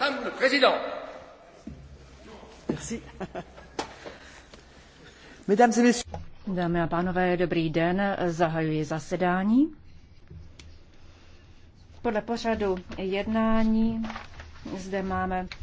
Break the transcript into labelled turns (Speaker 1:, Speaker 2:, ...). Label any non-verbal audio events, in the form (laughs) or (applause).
Speaker 1: Madame le Président.
Speaker 2: Merci. (laughs) Mesdames et messieurs. Dámy a pánové,
Speaker 3: dobrý den, zahajuji zasedání. Podle pořadu jednání zde máme